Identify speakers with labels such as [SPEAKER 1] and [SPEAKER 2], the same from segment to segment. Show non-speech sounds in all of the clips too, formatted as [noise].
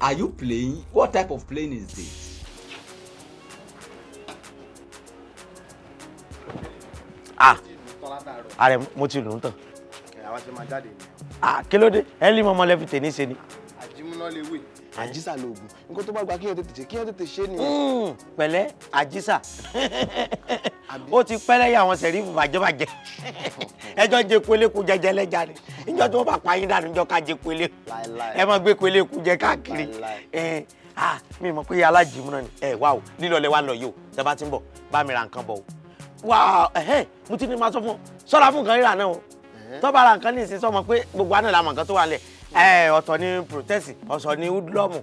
[SPEAKER 1] Are you playing? What type of plane is this?
[SPEAKER 2] Ah, are mo ti lù ú tán. Àwa ti máa jáde Ah, kí ló dé? Ẹ́ńlí mọ́mọ́ lẹ́fi tèmi ṣe ni. Àjímúná lè wè àjísà lóògùn nǹkan tó bá gba kíyàn tètè ṣe kíyàn tètè ṣe nìyẹn. Hmm, pẹ̀lẹ́ àjísà ó ti pẹ́lẹ́ yà wọn sẹ̀rífù bàjẹ́bàjẹ́ [laughs] ẹjọ́ jẹ peléku jẹjẹ lẹ́jà ni ìjọ tí wọ́n bá pa yín dànù ìjọ ká jẹ pele ẹ má gbé peléku jẹ káàkiri mi mọ̀ pé alájìmú náà ni ẹ wá o lílọ lẹ wá lọ yìí o tẹ bá ti ń bọ̀ bá mi ra nǹkan bọ̀ o wà ẹ̀hẹ́n mo ti ní máa sọ fún ọ sọ́ra fún nǹkan rírà náà o tọ́ bá ra nǹkan ní ìsinsọ́ mọ̀ pé gbogbo àná làmọ̀ nǹkan tó wà lẹ̀ ọ̀tọ̀ ni protest ọ̀tọ̀ ni hoodlumu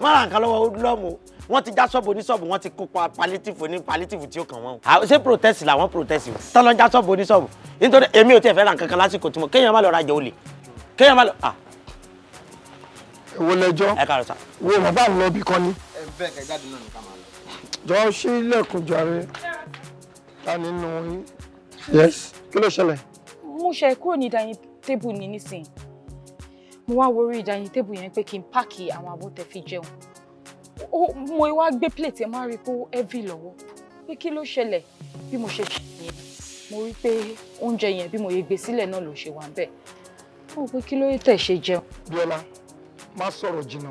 [SPEAKER 2] wọ́n ra nǹkan lọ́wọ́ hoodlumu wọ́n ti já ṣọ́ọ̀bù oníṣọ́ọ̀bù wọ́n ti kópa palliative ní palliative tí ó kàn wọ́n. ṣé protest làwọn protest tọ́lọ́ já ṣọ́ọ̀bù oníṣọ́ọ̀bù nítorí èmi ò tiẹ̀ fẹ́ ra nǹkan kan lásìkò tí mo kéèyàn má lọ rajà olè kéèyàn má lọ. èwo lẹjọ ẹ káàárọ̀ sá. wo bàbá mi lọ bí kan ni. ẹ bẹ́ẹ̀ kẹ́ jáde náà nìkan máa lọ.
[SPEAKER 3] jọ ṣí ilẹ̀kùn jàre ta nínú yín. yes kí ló ṣẹlẹ̀.
[SPEAKER 4] mo ṣe kúrò ní dining table ní nísìnyí mo wá worí ìdáyìn tébù yẹn pé kí n páàkì àwọn àbò fi jẹun mo wá gbé plate ẹ máa rí kó heavy lọ́wọ́ pé kí ló ṣẹlẹ̀ bí mo ṣe ṣe yẹn mo rí pé oúnjẹ yẹn bí mo yẹ gbé sílẹ̀ náà ló ṣe wà ń bẹ̀
[SPEAKER 3] mo pé kí ló tẹ̀ ṣe jẹun. Bíọ́lá má sọ̀rọ̀ jìnnà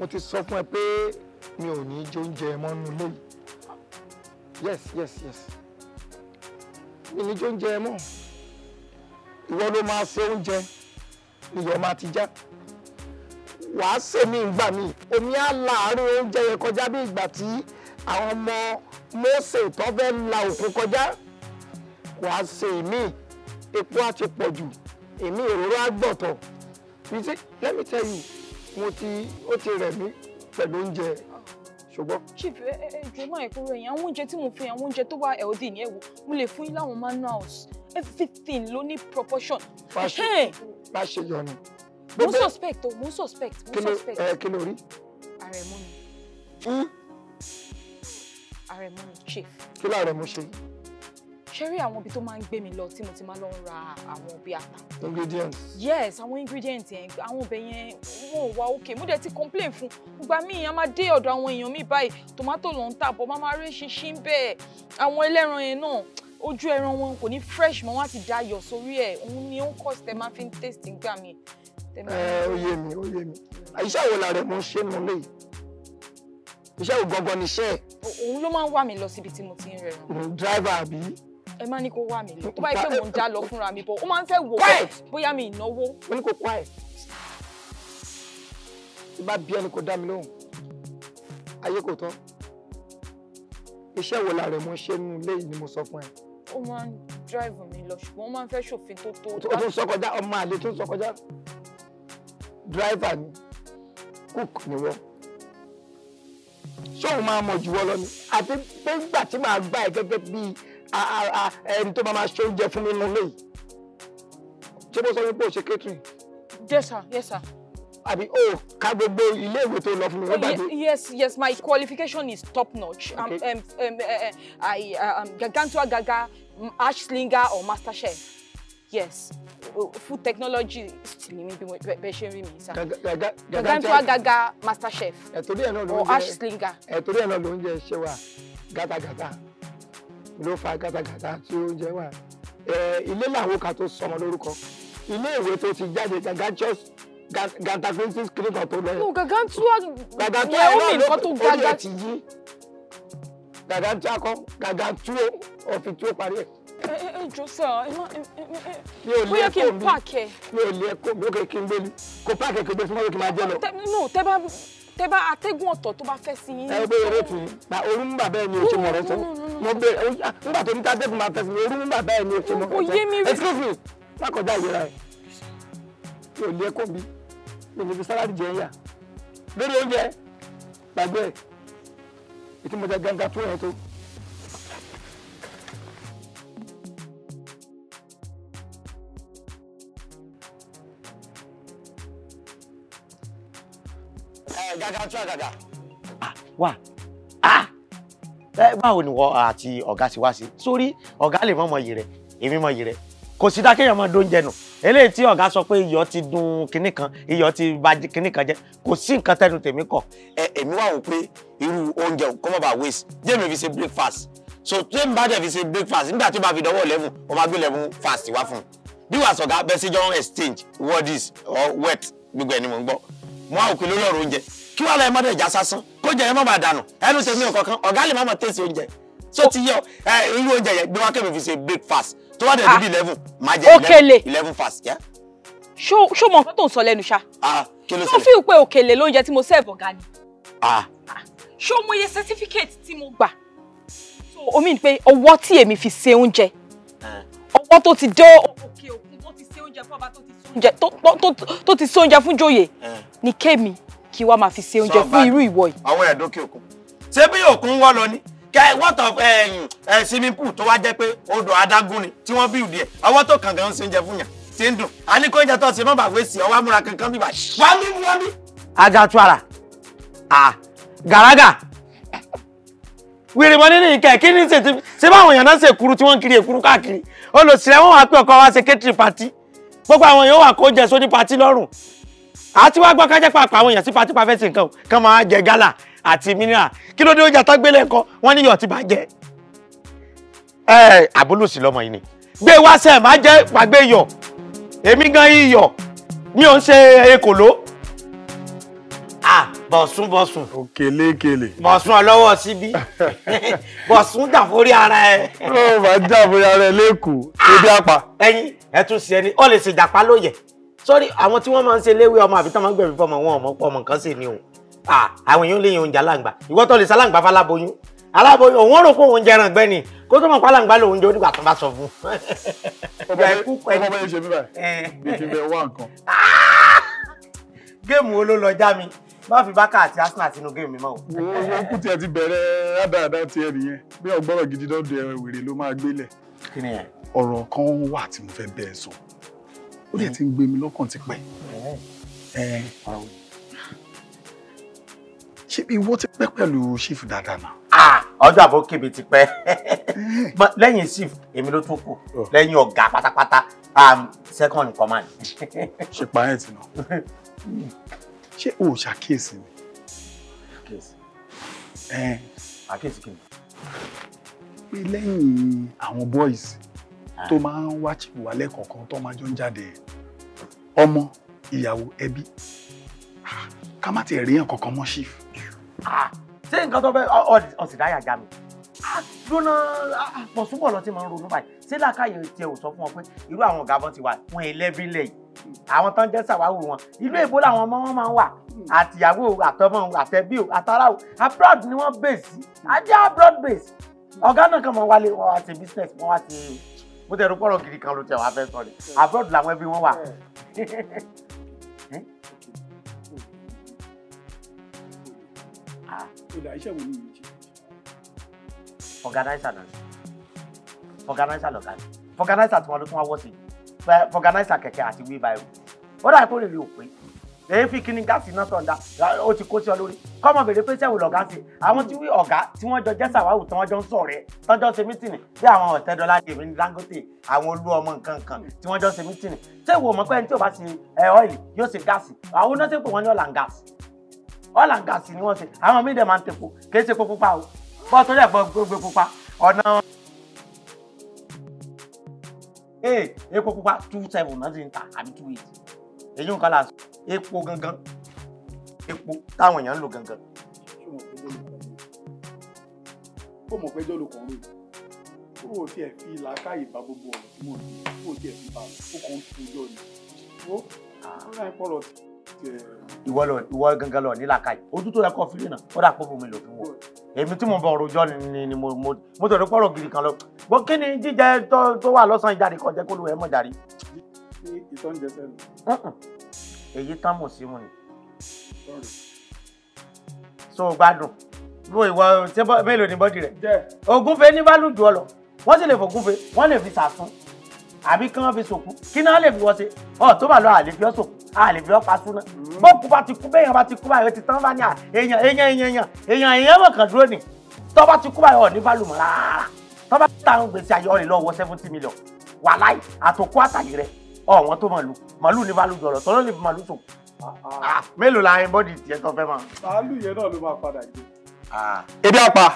[SPEAKER 3] mo ti sọ fún ẹ pé mi ò ní jẹ oúnjẹ mọ́nú lẹ́yìn yes yes yes mi ní jẹ oúnjẹ mọ́ ìwọ ló máa ṣe oúnjẹ iyọ̀ máa ti já wàá sèmi ìgbà mi omi á láàárín oúnjẹ yẹn kọjá bí ìgbà tí àwọn ọmọ Mósè tó fẹ́ la òkun kọjá wàá sèmi epo á ti pọ̀ jù èmi òróró á gbọ̀tọ̀ you see let me tell you mo ti ó ti rẹ̀ mí pẹ̀lú oúnjẹ ṣùgbọ́n.
[SPEAKER 4] chief ẹ ẹ jọ máa ẹ kúrò yẹn àwọn oúnjẹ tí mo fi àwọn oúnjẹ tó wà ẹ̀ọ́dì ní ẹ̀wò mo lè fún yín láwọn manuals everything ló ní proportion. má ṣe
[SPEAKER 3] yọnu. mo ń
[SPEAKER 4] suspect o mo ń suspect mo ń suspect. kí ló rí. àrẹ̀mú ni. Hmm? àrẹ̀mú ni chief.
[SPEAKER 3] kí láàrẹ̀ mo ṣe.
[SPEAKER 4] ṣé rí àwọn ibi tó máa ń gbé mi lọ tí mo ti máa lọ ń ra àwọn ọbẹ̀ ata. ingredients. yes àwọn ingredients yẹn àwọn ọbẹ̀ yẹn wọn ò wá òkè mo dẹ̀ ti complain fún gbà míì a máa dé ọ̀dọ̀ àwọn èèyàn mi báyìí tomato ló ń tà bọ́ máa máa rí ṣinṣin bẹ́ẹ̀ àwọn ẹlẹ́ran yẹn náà ojú ẹran wọn kò ní fresh mọ́ wọn á ti da ayọ̀ sórí ẹ̀ òun ni ó ń kọ́ sí tẹ máa fi ń taste gbà mí.
[SPEAKER 3] ẹ ó yé mi ó yé mi àyíṣẹ́ wo la rẹ̀ mo ṣe nù lé iṣẹ́ wo gangan ni iṣẹ́ ẹ̀.
[SPEAKER 4] òun ló máa ń wà mí lọ síbi tí mo ti ń rẹran.
[SPEAKER 3] driver àbí.
[SPEAKER 4] ẹ má ní kó wà mí lọ tó bá yẹ pé mò ń dá lọ fúnra mi bọ ó máa ń fẹ́ wò ó bóyá mi ìnáwó.
[SPEAKER 3] mo ní kó quiet tí bá bí ẹni kò dá mi lóhùn ayé kò tán iṣẹ́ wo la rẹ̀ mo ṣe nínú ilé yìí ni mo sọ fún ẹ
[SPEAKER 4] ó máa ń drive mi lọ ṣùgbọ́n ó máa ń fẹ́ ṣòfin tó tó.
[SPEAKER 3] ó tún sọ kọjá ọmọ àlè tó sọ kọjá driver ni cook ni wọ́n ṣóun máa mọ̀ jù wọ́n lọ ni àti pé nígbà tí màá gbà ẹ́ gẹ́gẹ́ bí ẹni tó máa máa ṣe oúnjẹ fún mi nínú ilé yìí ṣé bó sọ wípé o ṣe catering.
[SPEAKER 4] yes sir yes sir
[SPEAKER 3] àbí o oh, ka gbogbo ilé ìwé tó lọ fún mi wọ́n gbàgbé. Oh,
[SPEAKER 4] yes yes my qualification is top notch um, okay. um, um, eh, eh, uh, I am um, Gaga ash slinger or master chef yes oh, food technology ni mi bí bẹ́ẹ̀ ṣe rí mi sá Gargantua Gaga master chef
[SPEAKER 3] or ash slinger. ẹ̀tọ́rí ẹ̀ náà ló ń jẹ ṣe wa gátagàtà ló fa gátagàtà tí ó ń jẹ wa ilé làwọn kan tó sọmọ lórúkọ ilé ìwé tó ti jáde Gargantua gàtà francis kìnìkan tó lọ. mo
[SPEAKER 4] gàgà tí wà naomi nǹkan tó gàgà.
[SPEAKER 3] gàgà tí a kọ gàgà tí o ọ̀fi tí o parí ẹ̀.
[SPEAKER 4] ẹ ẹ jọ sẹ ọ ẹ má ẹ
[SPEAKER 3] ẹ ẹ bóyá kí n pààkì ẹ. mi ò lé ẹkọ bókè kí n gbé mi kò pààkì kò gbé fún mọ́tò kí n máa jẹ lọ.
[SPEAKER 4] no tẹ bá tẹ bá atẹ́gùn ọ̀tọ̀ tó bá fẹ́ sí yín. ẹ gbé eré tì
[SPEAKER 3] í gba orú ń bàbá ẹ ní oṣù mọ̀rọ̀ sọ mo gbé nígbà tó ní tátẹ́gùn máa fẹ́ sí mi orú ń bàbá ẹ ní oṣù mọ̀rọ̀ sọ excuse me má kọjá ìlera ẹ mi ò lé ẹkọ bíi lèmi fi sálárì jẹ ń yà lórí oúnjẹ gbàgbé ẹ ètò ìmọ̀jà gángan tó yẹn tó.
[SPEAKER 2] gàgà tún àgàgà. wà á báwo ni wọ àti ọ̀gá sí wá sí sórí ọ̀gá lè mọ̀ mọ̀ yìí rẹ̀ èmi mọ̀ yìí rẹ̀ kò sí dákéèyàn mọ̀ dóúnjẹ nù eléyìí tí ọ̀gá sọ pé iyọ̀ ti dùn kinní kan iyọ̀ ti bà kinní kan jẹ́ kò sí nǹkan tẹnu tèmi kọ. ẹ èmi wà wò pé irú oúnjẹ kọ́ mọ́ bá waste jẹ́ mi fi ṣe breakfast so tí n bá jẹ́ fi ṣe breakfast nígbà tí o bá fi dọwọ́ eleven o máa gbé eleven fast wá fún un bí wàá sọ̀gá bẹ́ẹ̀ sí john exchange wordies or wet gbogbo ẹ̀ ni mò ń gbọ́ mo àwòkè lórí ọ̀rọ̀ oúnjẹ kí wàá lọ ẹ mọ́tò ìjà sásán kó jẹ ẹ má bàa dànù ẹnu tèmi ò so ti yọ irú oúnjẹ yẹn gbé wá kébì fi ṣe breakfast tó bá dẹ̀ débi ah. eleven máa jẹ eleven fast.
[SPEAKER 4] ṣó mọ nǹkan tó ń sọ lẹ́nu ṣá tó ah, fi pé òkèlè lóúnjẹ tí mo sẹ́ẹ̀bù ọ̀gá ni ah. ṣó mo yẹ certificate tí mo gbà omi ni pé ọwọ́ tí èmi fi ṣe oúnjẹ eh. ọwọ́ tó ti dé òkè òkun tó ti ṣe oúnjẹ fún ọba tó ti ṣe oúnjẹ fún joyè eh. ni kémi kí wá máa fi ṣe oúnjẹ fún irú
[SPEAKER 2] ìwọ yìí. àwọn ẹ̀dọ́kẹ́ òkun ṣé bí òkun wá lọ ni kẹ what of um, uh, swimming pool tó wá jẹ́ pé odò adágún ni tí wọ́n bí ìdí ẹ̀ ọwọ́ tó kàn gan ń ṣe oúnjẹ fún yàn tí ń dùn a ní kó oúnjẹ tó ṣe mọ́ bàgbé sí ọwọ́ amúra kankan bíbá wá mí wá mí. agatuara ah gàràgà wìrìmọ́ nínú ìkẹ́ kí ni ṣe ti ṣe báwọn èèyàn náà ṣe kuru tí wọ́n ń kiri èkuru káàkiri olùsílẹ̀ wọn wá pé ọkọ wa ṣe kétìrì pàtí gbogbo àwọn èèyàn wà kó jẹ sóní pàtí lọ́rùn àti wá gbọ́ kájẹ́ pàpà àwọn èèyàn sí pàtí pàfẹ́sì nǹkan kan máa jẹ gálà àti mineral kí ló dé ó jata gbélé nǹkan wọ́n níyọ̀ ti bàjẹ́ ẹ àbólòsì lọmọ yìí ni gbé wá sẹ má jẹ gbàgbé yọ èmi gan iyọ̀ mi ò ń ṣe ekòló bọ̀sùn bọ̀sùn. òkèlè kèlè. bọ̀sùn ọlọ́wọ́ síbí [laughs] bọ̀sùn jàforí ara ẹ. ó bá jàforí ara ẹ lẹ́kọ̀ọ́ ebi apá. ẹyin ẹ tún sí ẹni ó lè ṣèjàpá lóye sórí àwọn tí wọ́n máa ń ṣe léwé ọmọ àbí tó máa ń gbẹ̀mí fọmọ wọn ọmọ pọ̀ ọmọ nǹkan sì ni o. Ah, àwọn èèyàn lè yan oúnjẹ aláǹgbà ìwọ tó lè sa aláǹgbà faláboyún aláboyún òun rò pé òun jẹ ẹran gbẹ́ni kó tó mọ̀ pé aláǹgbá lòun jẹ onígbà tó bá sọ fún.
[SPEAKER 1] ọmọ bẹ́ẹ̀ ṣe bí báyìí bí kí n bẹ wá nǹkan.
[SPEAKER 2] géèmù wo ló lọ já mi má fi bákà àti arsenal sínú géèmù mi mọ́ o.
[SPEAKER 1] wo wo kú tiẹ̀ ti bẹ̀rẹ̀ rádaràdà tiẹ̀ nìyẹn bí ọgbọ́rọ̀ gidi dọ́dọ̀ ẹ̀rọ wèrè ló máa gbélẹ̀. kí ni ẹ. ọ̀rọ̀ kan wà tí mo fẹ́ bẹ́ẹ̀ sọ ó dẹ̀ ti ń gbé mi lọ́kàn tipẹ́. ọ̀rọ̀ ṣé ìwọ ti pẹ́ pẹ̀lú chief dáadáa náà.
[SPEAKER 2] ah ọjọ́ àbọ̀ kébì ti pẹ́ lẹ́yìn chief èmi ló tún kù oh. lẹ́yìn ọ̀gá pátápátá um, second in command. [laughs] ṣe pààyàn ti nà
[SPEAKER 1] ṣé o ṣàkíyèsí mi. àkíyèsí kí ni. pé lẹ́yìn àwọn boys ah. tó máa ń wá chief wálẹ̀ kọ̀ọ̀kan tó máa jọ ń jáde ọmọ ìyàwó ẹbí ah, ká má ti rí nǹkan kan mọ́ chief.
[SPEAKER 2] Ah, ṣé nǹkan tó fẹ́ ọ̀sìdáyà já mi lónà ah, ah, pọ̀súpọ̀ lọ tí mo ń ronú báyìí ṣé làákàyè tiẹ̀ ò sọ fún wọn pé irú àwọn ọ̀gá bọ́n ti wà wọn ẹlẹ́bí lẹ̀ àwọn tán jẹ́ sàwáwò wọn ìlú èbó làwọn ọmọ wọn máa ń wà àtìyàwó àtọmọ àtẹbí àtàrà abroad ni wọ́n base ajé abroad base ọ̀gá náà kàn máa wálé wọn wá ṣe business wọn wá ṣe bó tẹ̀ rú pọ̀rọ̀ gidi kan ló tẹ̀ wá fẹ́ sọ rẹ̀ abroad làwọn ẹbí wọn wà [laughs] kódà iṣẹ́ wo ni mo ṣe. fọgànáísà náà fọgànáísà lọ̀gá ni fọgànáísà tí wọn ló tún wá wọ́ sí fọgànáísà kẹ̀kẹ́ àti wíìbáìrò ó dà kó lè lè òpin èyí fi kíni gáàsì náà tọ̀ǹda ó ti kó sí ọ lórí kọ́mọ bèrè pé sẹ́wọ̀n lọ̀gá sí àwọn tí wí ọ̀gá tí wọ́n jọ jẹ́ sàwáwù tí wọ́n jọ ń sọ̀rọ̀ ẹ̀ tọ́jọ́ ṣe mítìnì bí àwọn ọ̀tẹ́dọ́lá dèmí ní Dangote àwọn olú ọmọ nǹkan kan tí wọ́n jọ ṣe mítìnì sẹ́wọ̀n mọ̀ pé ẹni tí ò bá ṣe ẹ̀ ọ́ìlì yóò ṣe gáàsì àwọn oníṣègùn wọn ní ọ̀là ń gáàsì all and gas ni wọ́n ṣe àwọn míì máa ń tepo kì í ṣe pupa o bọ́ torí ẹ̀pọ̀ gbogbo pupa ọ̀nà eh, epo pupa two seven náà ti ta àbí two eight èyí nǹkan là epo gangan epo táwọn èèyàn ń lò gangan.
[SPEAKER 1] ó mọ̀ pé jọ́lù kan rèé ó ò tiẹ̀ fi làákàyè bá gbogbo ọ̀rọ̀ tí mo rí ó ò tiẹ̀ fi bá a ó kàn ń tu ọjọ́ ni ó ah. ó náà ń pọ̀rọ̀ sí
[SPEAKER 2] ìwọ lọ ìwọ gangan lọ nílàkàyè ojú tó yẹ kó fílẹ̀ náà ó dà pé mi lò fún wò èmi tí mo bọ òròjọ ni ni mo mo mo tẹ̀lé pọ̀rọ̀ gidi kan lọ gbọ́ kí ni jíjẹ tó wà lọ́sàn-án ìjàre kan jẹ́ kó lu ẹ̀ mọ̀ jàre. ìtọ́ ń jẹ sẹ́nu. èyí tán mò sí mu ni. so gbádùn lo ìwọ ṣé mélòó ni bọ́dì rẹ̀. ògúnfe ní bálùjù ọ lọ wọ́n sì lè fògúnfe wọ́n lè fi sàsún àbí kí wọ́n fi sòkú kí náà lè fi wọ́n ṣe ọ̀ tó bá lọ àlè fi ọ́ sòkú a lè fi ọ̀pá súná bó kú bá ti kú bẹ́ẹ̀ yẹn bá ti kú báyọ̀ ti tán bá ní à èèyàn èèyàn èèyàn èèyàn èèyàn èèyàn mọ̀ kàn dúró nì tọ́ bá ti kú báyọ̀ ọ̀ ní bálùmọ̀ rárá tọ́ bá ti tàn gbèsè ayọ̀ rẹ̀ lọ́wọ́ seventy million wàláì àtòkú àtàyè rẹ̀ ọ̀wọ́n tó màlúù màlúù ní bálù jọ̀rọ̀ tọ́lọ́ lè fi màlúù sòkò ah, ah. mélòó la ẹ̀ bọ́dì tiẹ̀ tó fẹ́ mọ̀.
[SPEAKER 1] màlúù yẹn náà ló máa padà jẹ. Ah.
[SPEAKER 2] ebi apa.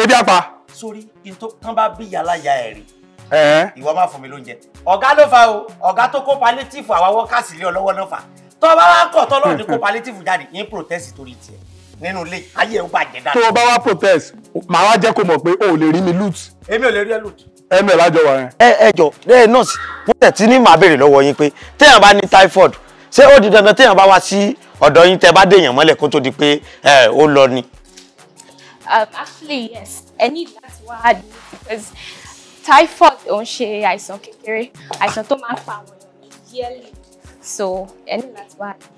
[SPEAKER 2] ebi apa. sórí ntọ́ tán bá bí yàrá ya ẹ̀rí Eh? ìwọ máa fún mi lóúnjẹ ọ̀gá ló fa o ọ̀gá tó kó palétífù àwa wọ́kàsì lé ọlọ́wọ́ ló fa tó bá wá kọ̀ tọ́lọ́ ní kó palétífù jáde ní protest torí tiẹ̀ nínú ilé ayé ẹ̀ bàjẹ́ dáadáa. tó o bá
[SPEAKER 1] wá protest màá wá jẹ́ kó mọ̀ pé o ò lè rí mi loot.
[SPEAKER 2] èmi ò lè rí ẹ loot.
[SPEAKER 1] ẹnu ẹ lájọ wa yẹn. ẹ ẹ jọ ẹ nọọsì pọtẹ tí ní màá
[SPEAKER 2] béèrè lọ́wọ́ yín pé téèyàn bá ní typhoid ṣé ó di dandan téèyàn bá wá sí ọ̀dọ̀ yín tẹ́ bá déèyàn mọ́lẹ̀ kó tó di pé ẹ ó lọ ni.
[SPEAKER 5] Uh, actually yes ẹ ní láti wá because typhoid ò ń ṣe àìsàn kékeré àìsàn tó máa ń pa àwọn èèyàn yearly so ẹni láti wá àdúgbò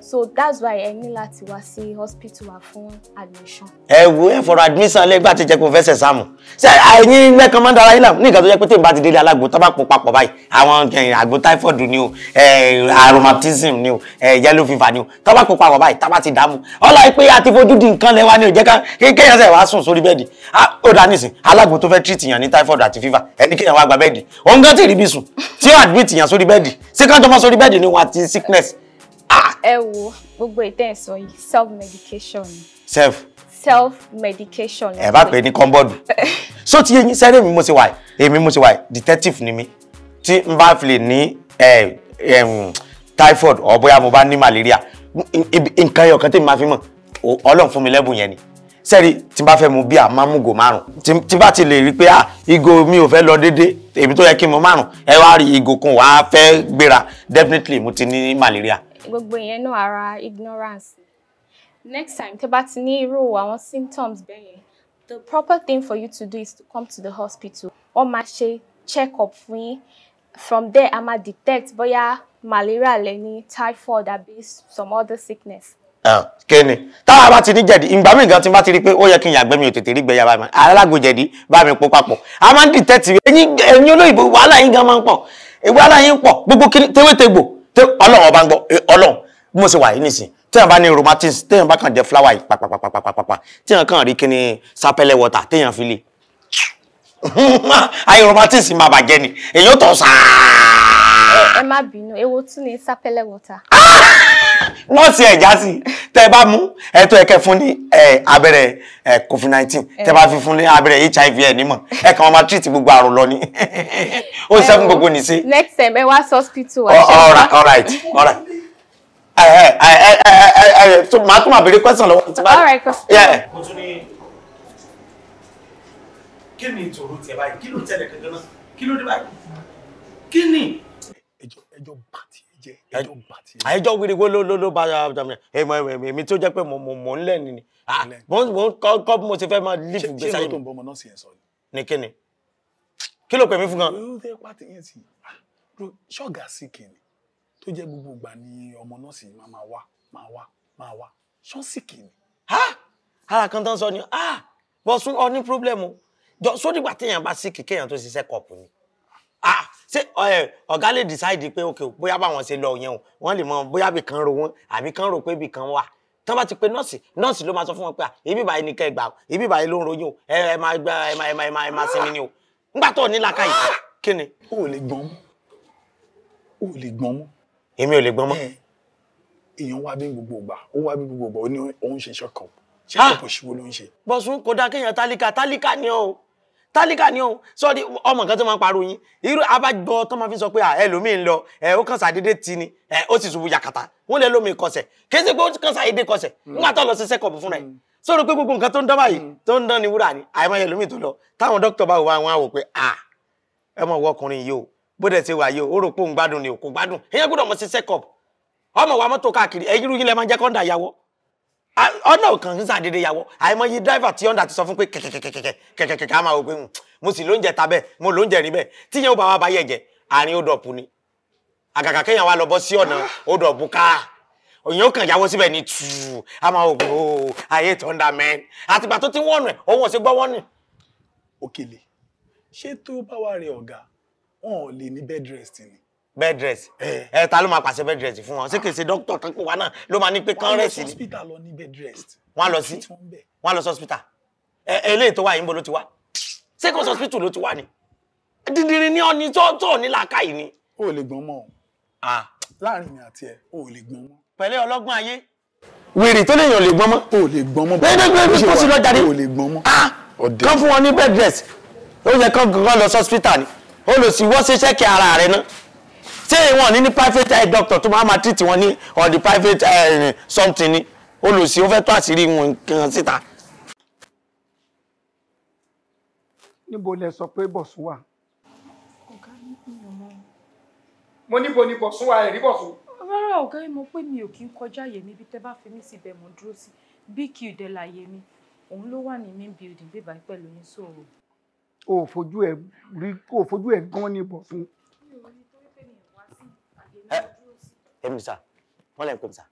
[SPEAKER 5] so that's why ẹ ní láti wá sí hospital wa fún admission.
[SPEAKER 2] ẹ wo ẹ fọ̀rọ̀ admission lẹgbà tí jẹ pé o fẹ́ ṣe sáàmù ṣe àìní lẹkan máa ń dára yín ní nǹkan tó jẹ pé tí n bá ti délé alágbo tó bá pò papọ̀ báyìí àwọn àgbo typhoid ni o aromatism ni o yellow fever ni o tó bá pò papọ̀ báyìí tá bá ti dààmú ọlọ́ọ̀ pé a ti fojú di nǹkan lẹ́wà ni ò jẹ́ ká kéèyàn sẹ̀ wá sùn sórí bẹ́ẹ̀dì ó dá nísìn alágbo tó fẹ́ treat yàn ní typhoid àti fever ẹni kéèyàn wá gba bẹ́ẹ̀dì òun gan ti rí bí
[SPEAKER 5] Ah! ẹ wo gbogbo ìtẹ̀sán yìí self medication. self. self medication. ẹ bá pè é ní
[SPEAKER 2] kọ́ńbọ́ọ̀dù so [laughs] ti yẹn sẹ́rẹ́ mi mo ṣe wà èmi mo ṣe wà detective ni mi tí n bá fi lè ní typhoid or bóyá mo bá ní malaria nǹkan ẹyọ kan tí mi máa fi mọ̀ ọlọ́run fún mi lẹ́bùn yẹn ni sẹ́rí tí n bá fẹ́ mu bíà máa mú go márùn tí bá ti lè rí pé ìgò ah, mi ò fẹ́ lọ déédéé èmi tó yẹ kí n mu márùn ẹ wá rí ìgò kan wàá fẹ́ gbéra definitely mo ti ní malaria
[SPEAKER 5] gbogbo ìyẹn náà ara ignorance next time tẹ́ bá ti ní irú àwọn symptoms bẹ́ẹ̀ yẹn the proper thing for you to do is to come to the hospital wọ́n máa ṣe check up fún yín from there a máa detect bóyá malaria lẹ ní typhoid àbí some other sickness
[SPEAKER 2] kíni táwa bá ti ní jẹ̀dí ìgbà míì gan tí bá ti rí pé ó yẹ kí n yàgbẹ́ mi ò tètè rí gbẹ̀yà bá mi alágbò jẹ̀dí bá mi pò papọ̀ a máa ń dìtẹ́tì ẹ̀yin olóyìnbó wàhálà yín gan máa ń pọ̀ wàhálà yín pọ̀ gbogbo tewétegbò tí ọlọ́run ọba ń gbọ́ eh, ọlọ́run bí mo ṣe wà yìí nìsín téèyàn bá ní rheumatism téèyàn bá kàn jẹ flower yìí pàpàpàpàpàpà téèyàn kàn rí kíni sapẹ́lẹ̀ water téèyàn fi lè [laughs] ayé rheumatism máa bàjẹ́ ni èyí ó tọ̀ sáà.
[SPEAKER 5] ẹ má bínú ewo tún ni sapẹ́lẹ̀ water. [laughs]
[SPEAKER 2] nọ́ọ̀sì ẹ̀já sí tẹ́ bá mú ẹ̀tọ́ ẹ̀kẹ́ fún ní abẹ́rẹ́ covid nineteen. tẹ́ bá fi fún ní abẹ́rẹ́ hiv ẹ̀ nímọ̀ ẹ̀ kàn máa treat gbogbo àrùn lọ ni [laughs] ó ṣe fún gbogbo nìṣe.
[SPEAKER 5] next time ẹ wá sí hospital wa. all
[SPEAKER 2] right all right all right. màá tún máa béèrè question lọ́wọ́ tí all right question. mo tún ní
[SPEAKER 1] kí ni ìtòrò tiẹ̀ báyìí kí ló tẹ̀lé kankan náà kí ló dé báyìí kí ni. ẹjọ bá ti jẹ ẹjọ́ gbà tí.
[SPEAKER 2] àìjọ wíri wo ló ló ló bá èmi tó jẹ́ pé mo mo mo ń lẹ̀ ni ah, mo ń kọ́ bí mo ti fẹ́ máa lífù gbèsè ayé mi. ṣé ìwé tó ń bọ́ ọmọ náà sì yẹn sọ ni. ní kíni kí ló pè mí fún gan.
[SPEAKER 1] ló dé pàtí yẹn sì ṣọ́ọ̀gà sí ah, kìnì tó jẹ́ gbogbo ìgbà ni ọmọ náà sì máa wá máa wá máa wá ṣọ́ọ̀ sí kìnì. ara kan tán sọ ni ah, bọ́sùn ọ ní pírọ́blẹ̀mù
[SPEAKER 2] jọ sódìgbà téèyàn bá sí kìkéèyàn tó ṣiṣẹ́ kọ̀ọ̀pù ni ṣé ọ̀gá lè decide pé ok bóyá báwọn ṣe lọ yẹn o wọ́n lè mọ bóyá bì kan ro wọn àbí kan rò pé bì kan wà tán bá ti pe nọ́ọ̀sì nọ́ọ̀sì ló máa sọ fún wọn pé ibi báyìí ni kẹ́ ẹ gbà ibi báyìí ló ń ròyìn o ẹ ẹ máa gba ẹ máa ẹ máa ẹ máa ẹ máa sinmi ni o ńgbà tó ní làákà yìí kí ni. o ò lè gbọ́n mọ́
[SPEAKER 1] o ò lè gbọ́n mọ́. èmi ò lè gbọ́n mọ́. èèyàn wá bí gbogbo ìgbà ó wá bí gbogbo ìgbà ó ní òun ṣe ṣọkàn ṣé ah! kò ṣíwó ló ń ṣe. bọ́sùn kò dáa kéèyàn tálíkà tálíkà ni
[SPEAKER 2] o tálíkà ni òun sọ́ọ́dí ọmọ nǹkan tó máa ń parọ́ yín irú abájọ tó máa fi sọ pé ẹlòmíín lọ ẹ ó kàn sàdédé tì ní ẹ ó sì ṣubú yakata wọn lè lómi kọsẹ̀ kí ṣe pé ó kàn sàdédé kọsẹ̀ hmm. nígbà tó lọ sí sẹ́kọ̀ọ̀bù fúnra ẹ̀ hmm. sọ̀rọ̀ pé gbogbo nǹkan tó ń dán báyìí hmm. tó ń dán ni wúrà ni àìmọye ẹlòmíín tó lọ táwọn dókítà bá wò wá wọn á wò pé à ẹ mọ̀ wọ ọkùnrin yìí o bó dẹ̀ ṣe wà yìí o ó rò pé òun gbádùn ni òkú gbádùn èèyàn gbọ́dọ̀ mọ̀ sí sẹ́kọ̀ọ̀bù ọ̀nà kan ń sàdédé yàwọ̀ àìmọye dráìvà tí ọ̀ndà ti sọ fún pé kẹ̀kẹ̀kẹ̀kẹ̀kẹ̀kẹ̀ á máa wò pé hmm, mo sì lóúnjẹ ta bẹ́ẹ̀ mo lóúnjẹ rí bẹ́ẹ̀ tíyẹn ó bá wa bá yẹ̀ jẹ́ àárín òdọ̀pù ni àgàgà kéèyàn wá lọ bọ́ sí ọ̀nà òdọ̀pù ká òyìn ó kàn yàwọ̀ síbẹ̀ ni tùù á máa wò pé o oh, ayé tọ́ndà mẹ́n àtìgbà tó ti wọ́ọ̀nù ẹ̀ òun ò sí gbọ́ wọ́ọ̀nù. Òkèlè
[SPEAKER 1] ṣé tó bá wà rẹ bed rest
[SPEAKER 2] bed rest eh. ta ma máa pàṣẹ bed rest fún wọn ṣé kìí ṣe dókítà tó pè wá náà ló máa ní pé kán rest ni.
[SPEAKER 1] hospital lọ ní bed rest. wọ́n á lọ sí
[SPEAKER 2] wọ́n hospital ẹ eléyìí tó wà yìí ń bo ló ti wá
[SPEAKER 1] ṣé kò hospital lo ti wá ni dídìrín ní ọni tó tó ní làákàyè ni. o ò lè gbọ́n mọ́ o láàrin mi àti ẹ o ò lè gbọ́n mọ́. pẹ̀lẹ́ ọlọ́gbọ́n ayé. wèrè tó lè yàn lè gbọ́n mọ́. o ò lè gbọ́n mọ́. bẹ́ẹ̀ ni kó sì lọ jáde. o ò lè gbọ́n mọ́. Ah! kán fún wọn ní
[SPEAKER 2] bed rest ó yẹ kán lọ sí hospital ni ó lọ sí wọ́n ṣe ṣẹ́kì ara rẹ̀ náà ṣé ìwọ̀n ní ní private eye doctor tó máa ma treat wọn ní or the private eye something ni olùsí ó fẹ́ tó àṣírí wọn kan síta.
[SPEAKER 6] níbo lẹ sọ pé bọ̀sùn wà. mo níbo ni bọ̀sùn wà ẹ̀rí bọ̀sùn.
[SPEAKER 4] rárá ọ̀gá mi mọ̀ pé mi ò kí ń kọjá àyè mi bí tẹ́ bá fi mí síbẹ̀ mo dúró sí bq dẹ́là àyè mi òun ló wà ní main building bíbá pẹ̀lú yín sọ̀rọ̀.
[SPEAKER 6] o ò fojú ẹ rí o ò fojú ẹ gan ni bọ̀sùn
[SPEAKER 2] ẹ̀mí sà wọ́n lẹ́ ń pè mí sà.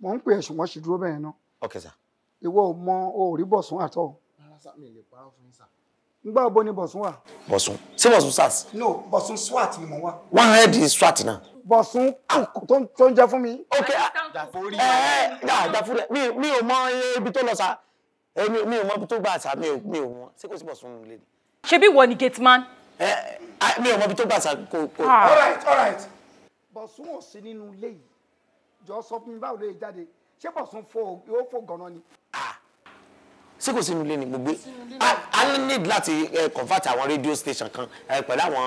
[SPEAKER 6] mo ń pè ẹ ṣùgbọ́n ṣì dúró bẹ́ẹ̀ náà. ok sà. ìwọ ò mọ o ò rí bọ̀sùn àtọ. rárá sà mi lè parọ́ fún yín sà. ngbà wo ni bọ̀sùn wà.
[SPEAKER 2] bọ̀sùn ṣé bọ̀sùn sars. no bọ̀sùn swat ni mo wá. one head is swat náà. bọ̀sùn tó ń jẹ fún mi. ok dàfúrí. Ah. ẹ eh, ẹ eh, dàfúrí mi ò mọ ibi tó lọ sà eh, mi ò mọ ibi tó gbà sà mi ò mọ ṣé kò sí bọ̀sùn nílé ni. ṣebí wọ ni gate man. ẹ ah, mi ò mọ ibi tó gbà sà kò. Ah. all right
[SPEAKER 6] all right bọ̀sùn ò sí nínú ilé yìí jọ sọ fún mi báwo ló yẹ jáde ṣé bọ̀sùn fò yóò fò gan-an ni.
[SPEAKER 2] ṣé kò sínú ilé ni gbogbo a ní need láti eh, convert àwọn radio station kan eh, pẹ̀lú àwọn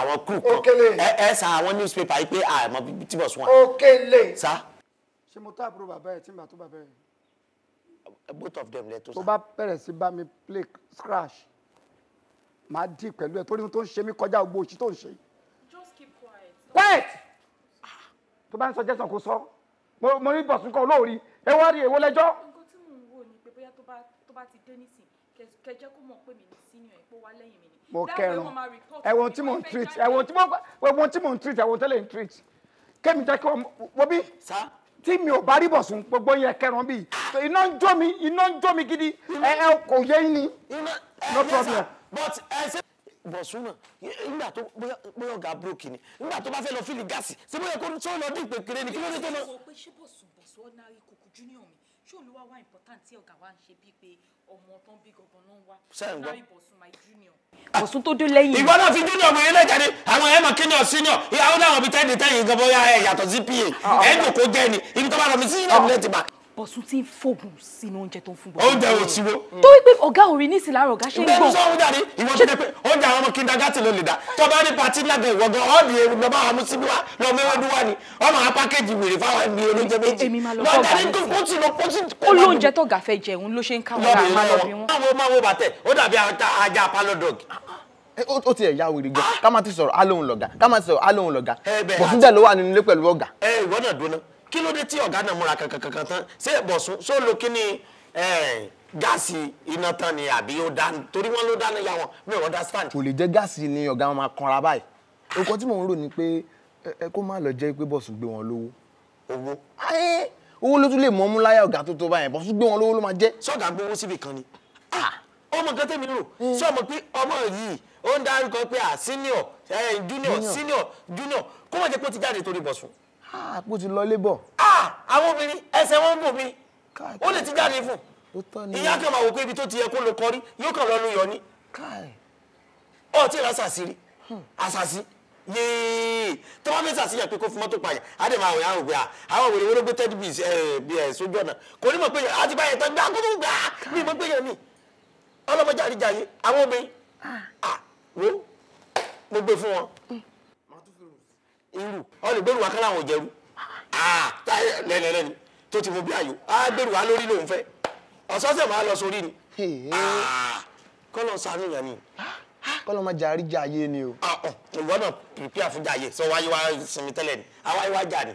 [SPEAKER 2] àwọn crew kan ẹ eh, sa àwọn newspaper yìí pé àmọ́ tí bọ̀sùn wà. Okele sa.
[SPEAKER 6] ṣé mo tó àbúrò bàbá ẹ tí mo bá tó bàbá ẹ.
[SPEAKER 2] both of them lẹ tó sa. tó bá
[SPEAKER 6] bẹ̀rẹ̀ sí bá mi play scratch máa dì pẹ̀lú ẹ torí tó ń ṣe mí kọjá gbogbo òṣì tó ń ṣe. just keep quiet. quiet tó bá ń suggestion kó sọ mo rí bọ̀sùn kan olóòrí ẹ wá rí èwo lẹ́jọ́.
[SPEAKER 4] nǹkan tí mò ń wò ni pé bóyá tó bá ti dé nísìn kẹjẹ kó mọ̀ pé mi ní senior ẹ̀ pé wá lẹ́yìn
[SPEAKER 6] mi ni. mo kẹrun ẹwọn tí mò ń treat ẹwọn tí mò ẹwọn tí mò ń treat ẹwọn tẹ́lẹ̀ ń treat kémi jẹ́ kí wọ́n bí tí mi ò bá rí bọ̀sùn gbogbo yẹn kẹrun bíi
[SPEAKER 2] iná ń jó mi iná ń jó mi gidi ẹ ẹ kò yẹ ní no problem but ẹ ṣe bọ̀sùnmọ̀ nígbà tó bóyá ọ̀gá búrókì ni nígbà tó bá fẹ́ lọ fílì gáàsì ṣé bóyá kó tó lọ dín ìpèkèrè ni kí ló dé tó lọ. ṣé
[SPEAKER 4] o sọ pé ṣé bọ̀sùn bọ̀sùn ordinary kùkù junior mi ṣé olúwa wá important tí ọ̀gá wa ń ṣe bíi pé
[SPEAKER 3] ọmọ tó ń bí gangan náà wá ordinary bọ̀sùn my
[SPEAKER 2] junior. bọ̀sùn tó dé lẹ́yìn. ìwọ náà fi junior mọ̀ ilé jáde àwọn ẹ̀mọ̀ kínyọ̀ senior ìyàwó náà wọ̀ bí tẹ́ẹ̀dì tẹ́yìn gan bóyá ẹ̀ yàtọ̀ sí pa ah, ah, ẹ̀ ń dòkó ah. jẹ́ ni ibi tó bá lọ mi sí
[SPEAKER 4] bọ̀sùn tí ń fògùn
[SPEAKER 3] sínú oúnjẹ tó ń fún
[SPEAKER 2] gbogbo. oúnjẹ ò tiwo.
[SPEAKER 4] tó wípé ọ̀gá ò rí ní ìsìlára ọ̀gá ṣe ń gbọ́. ìwọ sọ wọn
[SPEAKER 2] dàrí
[SPEAKER 3] ìwọ ti dẹ pé oúnjẹ àwọn ọmọ kindergarten ló lè dà tó bá rí patí ìwọ gan ọ́ọ̀dì ẹrù lọ́ba àmú síbí wa lọ
[SPEAKER 2] mẹ́wọ́dún wa ni ọmọ àwọn pákéjì wèrè fáwọn ẹni olóúnjẹ méjì. lọ bọ́ ọ̀gá lẹ́yìn. ó lọ bí ó dàbí ajá ti ẹ̀ ya wèrè gan ká ti sọ̀rọ̀ alóhùn lọ̀gá ká ti sọ̀rọ̀ alóhùn lọ̀gá bọ̀sùn ló wà nínú ilé pẹ̀lú ọ̀gá. ẹ ìwọ náà dúró náà kí ló dé tí ọ̀gá náà múra kankankan tán ṣé bọ̀sùn ṣó lo kíní gáàsì iná tán ni àbí ó dáná torí wọn ló dáná ya wọn mi ò understand. kò lè jẹ́ gáàsì ni ọ̀gá wọn máa kanra báyìí nǹkan tí mò ń rò ni pé ẹ kó má lọ jẹ́ pé bọ̀sùn gbé wọn lówó. owó owó ló tún lè mọ́ mú láyà ọ̀gá tó tó báyẹn bọ̀sùn gbé wọn lówó ló máa jẹ́. sọ́ọ̀gá gbowó síbì kan ni ah, ọmọ kan tẹ̀mí rò sọ́ọ̀mọ hmm. pé ọmọ yìí ó ń dárúkọ pé à senior junior senior junior kó má jẹ́ pé ó ti jáde torí bọ̀sùn àpò ah, ti lọ lébọ̀. Ah, àwọn obìnrin ẹsẹ̀ wọn ń bò mí ó lè ti jáde fún ìyá kan máa wò pé ibi tó ti yẹ kó lo kọrí yóò kàn lọ́nu yọ ni ọtí ìlà sàṣírí àṣàṣí yéé tó bá fẹ́ sàṣírí àpé kó fi mọ́tò pààyàn á dẹ̀ máa wẹ̀ ah, àwọn òbí àwọn òwèrè wọ́n ló gbé tẹ́tí bíi bíi sójú ọ̀nà kò ní mọ̀ pé yẹn á ti bá yẹn tán gbá kó tó gbà á ní ìmọ̀ pé yẹn mi ọlọ́mọdé àríjàyé àwọn obìnrin wo mo gbé fún wọn mm irú ọ lè gbẹrù wa kálá àwọn òjẹrù ah, lẹ́nìlẹ́ni tó ti mú bí ayò á gbẹrù wa lórí lòun fẹ́ ọ̀sọ́sẹ̀ máa lọ sórí ni ah, kọ́lọ̀ sànú yẹn ni kọ́lọ̀ máa jàrí jàyé ni o. Ah, ìwọ náà pìpìà fún jàyé sọ wáyé wá sinmi tẹ́lẹ̀ ni àwáyé wá jà ni.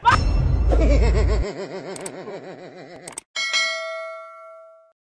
[SPEAKER 3] [laughs]